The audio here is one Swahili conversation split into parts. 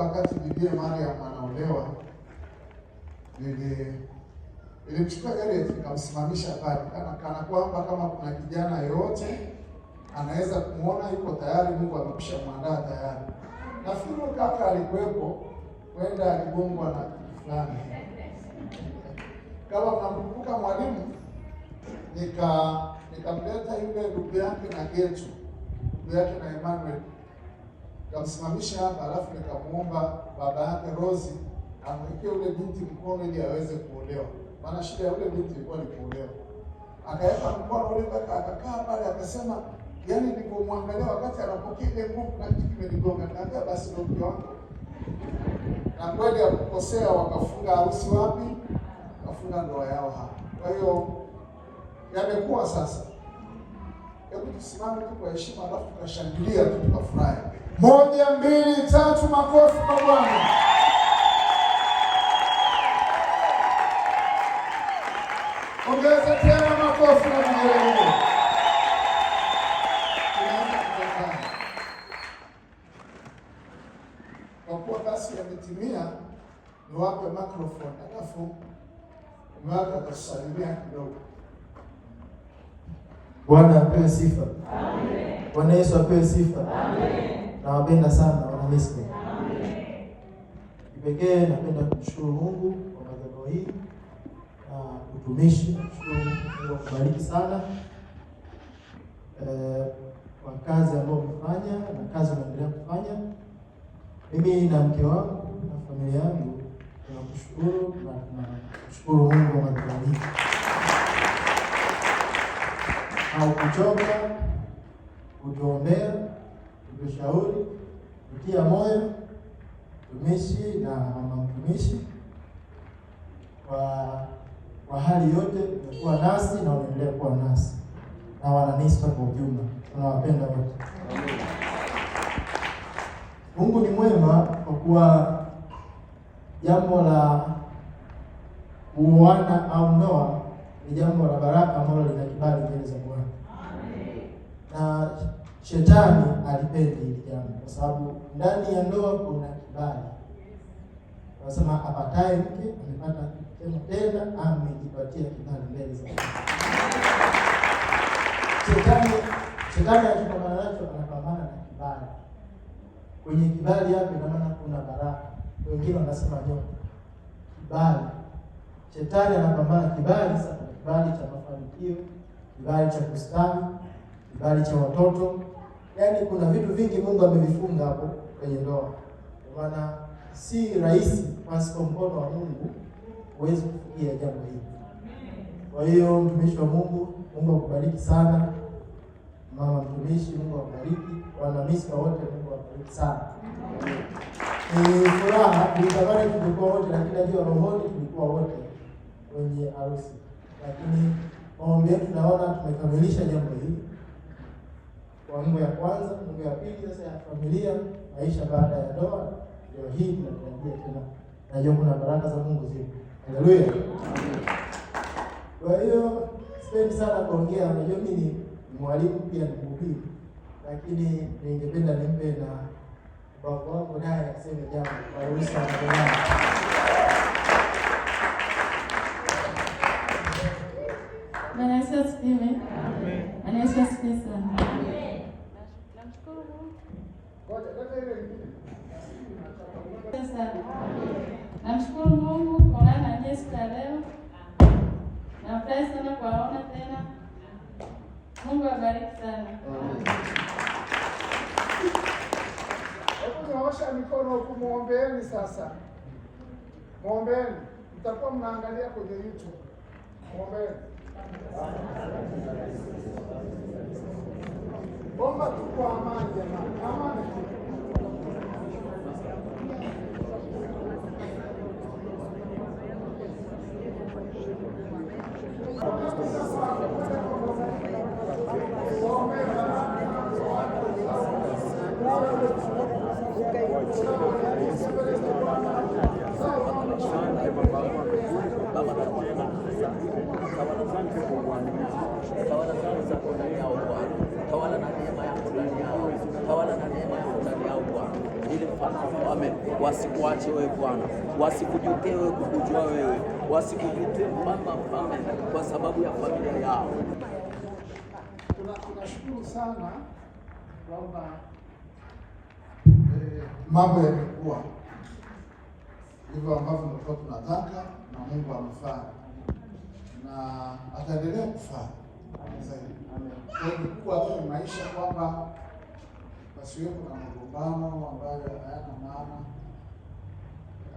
wakati Bibia Mariam anaolewa, nili- nilimchukua Ereth nikamsimamisha pale, kana kana kwamba kama kuna kijana yoyote anaweza kumwona yuko tayari, Mungu amekwisha mwandaa tayari. Nafikiri kaka alikuwepo, kwenda aligongwa na kitu fulani kama mnakumbuka mwalimu, nikamleta nika yule ndugu yake na Getu, ndugu yake na Emmanuel nikamsimamisha hapa, alafu nikamwomba baba yake Rozi amwekee ule binti mkono ili aweze kuolewa, maana shida ya ule binti ilikuwa ni kuolewa. Akaweka mkono ule mpaka akakaa pale, akasema yaani, nilipomwangalia wakati anapokea ile nguvu na kitu kimenigonga, nikaambia basi ndio mke wako. Na kweli hakukosea, wakafunga harusi wapi? Wakafunga ndoa yao hapa. Kwa hiyo yamekuwa sasa tusimame tu kwa heshima, alafu tunashangilia tu tukafurahi. Moja, mbili, tatu, makofi kwa Bwana. Ongeza tena makofi na vigelegele. Kwa kuwa basi yametimia, niwape microphone alafu mwaka atasalimia kidogo. Bwana apewe sifa. Amen. Bwana Yesu apewe sifa. Amen. Nawapenda sana wana Misri. Amen. Kipekee napenda kumshukuru Mungu kwa madhabahu hii na utumishi. Mungu akubariki sana eh, kwa kazi ambayo umefanya na kazi unaendelea kufanya. Mimi na mke wangu na familia yangu tunakushukuru na tunashukuru Mungu kwa madhabahu hii haukuchoka kutuombea, kutushauri, kutia moyo mtumishi na mama mtumishi. Kwa kwa hali yote, umekuwa nasi na unaendelea kuwa nasi na wananispa kwa ujumla, tunawapenda wote. Mungu ni mwema kwa kuwa jambo la kuoana au ndoa ni jambo la baraka ambalo lina kibali mbele za na shetani alipendi hili jambo, kwa sababu ndani ya ndoa kuna kibali. Anasema apatae mke amepata tena, amejipatia kibali mbele za shetani. Shetani akipambana nacho, anapambana na kibali. Kwenye kibali hapo, ina maana kuna baraka. Wengine wanasema jo kibali, shetani anapambana kibali sana, kibali cha mafanikio, kibali cha kustawi kibali cha watoto, yaani kuna vitu vingi Mungu amevifunga hapo kwenye ndoa. Kwa maana si rahisi, pasipo mkono wa Mungu huwezi kufikia jambo hili. Kwa hiyo mtumishi wa Mungu, Mungu akubariki sana. Mama mtumishi, Mungu akubariki. Wana Mispa wote, Mungu akubariki sana. Ni furaha, tulitamani tulikuwa wote, lakini najua rohoni tulikuwa wote kwenye harusi, lakini maombi yetu naona tumekamilisha jambo hili kwa ungo ya kwanza, ungo ya pili sasa ya familia, maisha baada ya doa. ndio hii tunatarajia tena, najua kuna baraka za Mungu zipo. Haleluya! Kwa hiyo sipendi sana kuongea, najua mimi ni mwalimu pia ni mhubiri, lakini ningependa nimpe na baba wangu naye aseme jambo kwa ruhusa Bwana Yesu asifiwe. Amen. Bwana Yesu asifiwe sana. Namshukuru Mungu kuungana na nyie leo. Nafurahi sana kuwaona tena. Mungu awabariki sana. Hebu tunaosha mikono kumwombeeni sasa. Muombeeni. Mtakuwa mnaangalia kwenye YouTube. Muombeeni. Omba tu kwa amani jamani. Amani. tawala sala zako ndani yao Bwana, tawala na neema yako ndani yao, tawala na neema yako ndani yao Bwana, ili mfalme wasikuache wewe Bwana, wasikujutie wewe kukujua wewe, wasikujutie mama mfalme kwa sababu ya familia yao. Tunashukuru sana kwamba eh, mambo yamekuwa hivyo ambavyo tulikuwa tunataka na Mungu amefanya na ataendelea kufanya. Ilikuwa tu ni maisha kwamba pasiwepo na magombano ambayo hayana maana,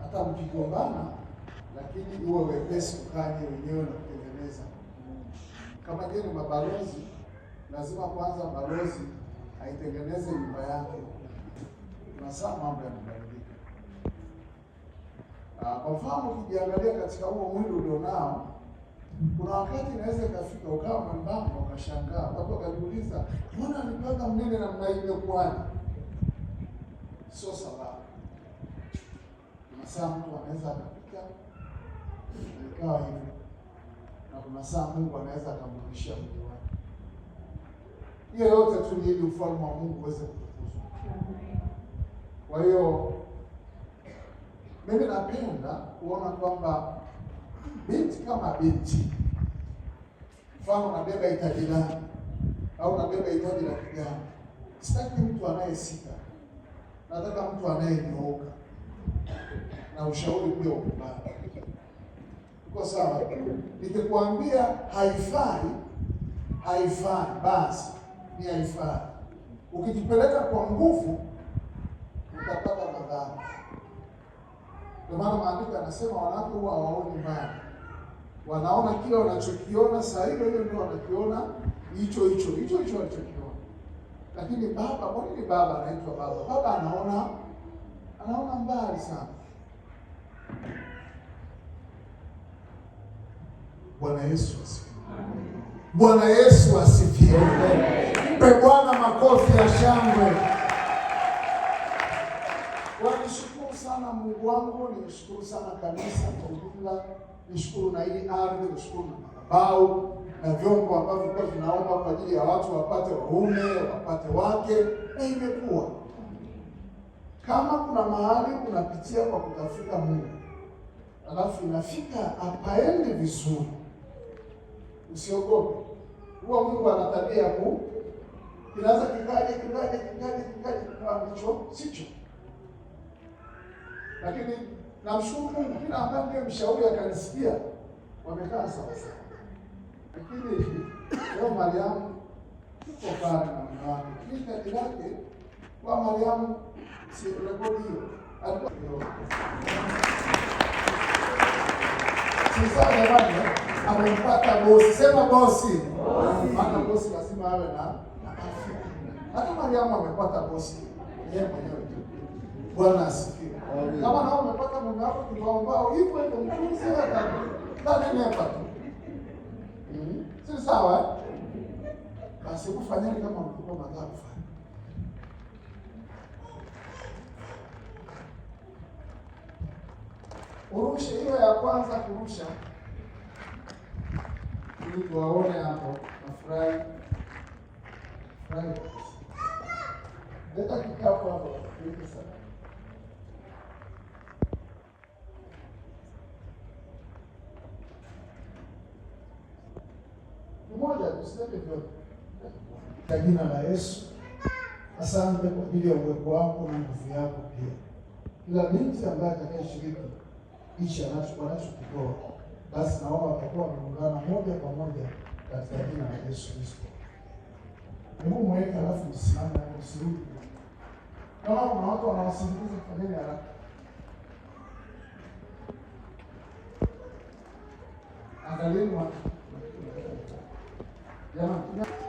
hata mkigombana, lakini uwe wepesi ukaje wenyewe na kutengeneza. Kama je ni mabalozi, lazima kwanza balozi aitengeneze nyumba yake, na saa mambo yanabadilika. Ah, kwa mfano, ukijiangalia katika huo mwili ulionao kuna wakati inaweza ikafika ukawa mwembamba, ukashangaa, watu wakajiuliza, mbona alipanga mnene namna hii, imekuwaje? Sio sababu. Kuna saa mtu anaweza akapika ikawa hivyo, na kuna saa Mungu anaweza akamrudishia mtu wake. Hiyo yote tu ni ili ufalme wa Mungu uweze kutukuzwa. Kwa hiyo mimi napenda kuona kwamba Binti kama binti, mfano unabeba hitaji lako au unabeba hitaji la kijana, sitaki mtu anayesita, nataka mtu anayenyooka na ushauri pia ukubali. Uko sawa? Nikikwambia haifai, haifai, basi ni haifai. Ukijipeleka kwa nguvu utapata madhara. Ndio maana maandiko yanasema wanawake huwa hawaoni mbali, wanaona kile wanachokiona saa hilo hiyo, ndio wanakiona hicho hicho hicho hicho walichokiona. Lakini baba, kwa nini baba anaitwa baba? Baba anaona anaona mbali sana. Bwana Yesu asifiwe! Bwana Yesu asifiwe! Mpe Bwana makofi ya shangwe nishukuru sana Mungu wangu, nishukuru sana kanisa kwa ujumla, nishukuru na hili ardhi, nishukuru na madhabahu na vyombo ambavyo kwa vinaomba kwa ajili ya watu wapate waume wapate wake, na imekuwa kama kuna mahali unapitia kwa kutafuta Mungu alafu inafika apaende vizuri, usiogope. Huwa Mungu ana tabia ya ku kinaweza kikaje kikaje kikaje kikaje, ambacho sicho lakini namshukuru Mungu, kila ambaye ndiye mshauri akanisikia, wamekaa sawa sawa. Lakini leo Mariamu uko pale na mume wake, kila kilake kwa Mariamu si rekodi hiyo alikuwa hiyo sasa, jamani, amempata bosi. Sema bosi, maana bosi lazima awe na afya. Hata Mariamu amepata bosi yeye mwenyewe. Bwana asifiwe. Kama nao umepata mume wako kibaombao hivyo hivyo, mtunze ndani hapa tu, hmm? si sawa? Eh? Basi kufanyeni kama mkubwa madhabu urushe hiyo ya kwanza kurusha, ili tuwaone hapo. Nafurahi furahi, leta kikapu hapo, sana useme vyote kwa jina la Yesu. Asante kwa ajili ya uwepo wako na nguvu yako. Pia kila binti ambaye atakayeshiriki anacho anachokitoa, basi naomba atakuwa ameungana moja kwa moja katika jina la Yesu Kristo. Hebu mweke, alafu msimame na msirudi. Kama kuna watu wanawasindikiza, fanyeni haraka. Angalieni watu 干。